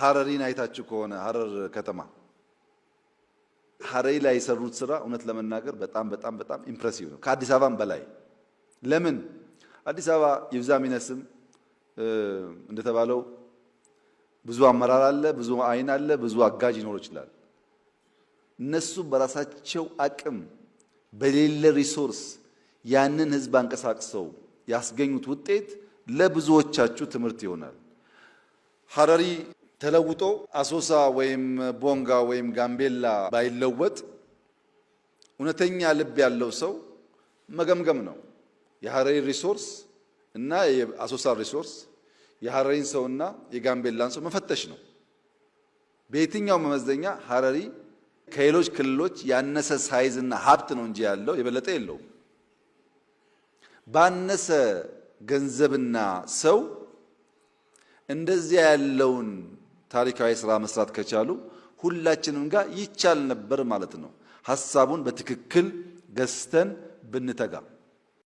ሀረሪን አይታችሁ ከሆነ ሀረር ከተማ ሀረሪ ላይ የሰሩት ስራ እውነት ለመናገር በጣም በጣም በጣም ኢምፕሬሲቭ ነው፣ ከአዲስ አበባም በላይ። ለምን አዲስ አበባ ይብዛ ሚነስም እንደተባለው ብዙ አመራር አለ፣ ብዙ አይን አለ፣ ብዙ አጋዥ ሊኖር ይችላል። እነሱ በራሳቸው አቅም በሌለ ሪሶርስ ያንን ህዝብ አንቀሳቅሰው ያስገኙት ውጤት ለብዙዎቻችሁ ትምህርት ይሆናል። ሀረሪ ተለውጦ አሶሳ ወይም ቦንጋ ወይም ጋምቤላ ባይለወጥ እውነተኛ ልብ ያለው ሰው መገምገም ነው። የሐረሪ ሪሶርስ እና የአሶሳ ሪሶርስ የሐረሪን ሰውና የጋምቤላን ሰው መፈተሽ ነው። በየትኛው መመዘኛ ሐረሪ ከሌሎች ክልሎች ያነሰ ሳይዝና ሀብት ነው እንጂ ያለው የበለጠ የለውም። ባነሰ ገንዘብና ሰው እንደዚያ ያለውን ታሪካዊ ስራ መስራት ከቻሉ ሁላችንም ጋር ይቻል ነበር ማለት ነው። ሀሳቡን በትክክል ገዝተን ብንተጋ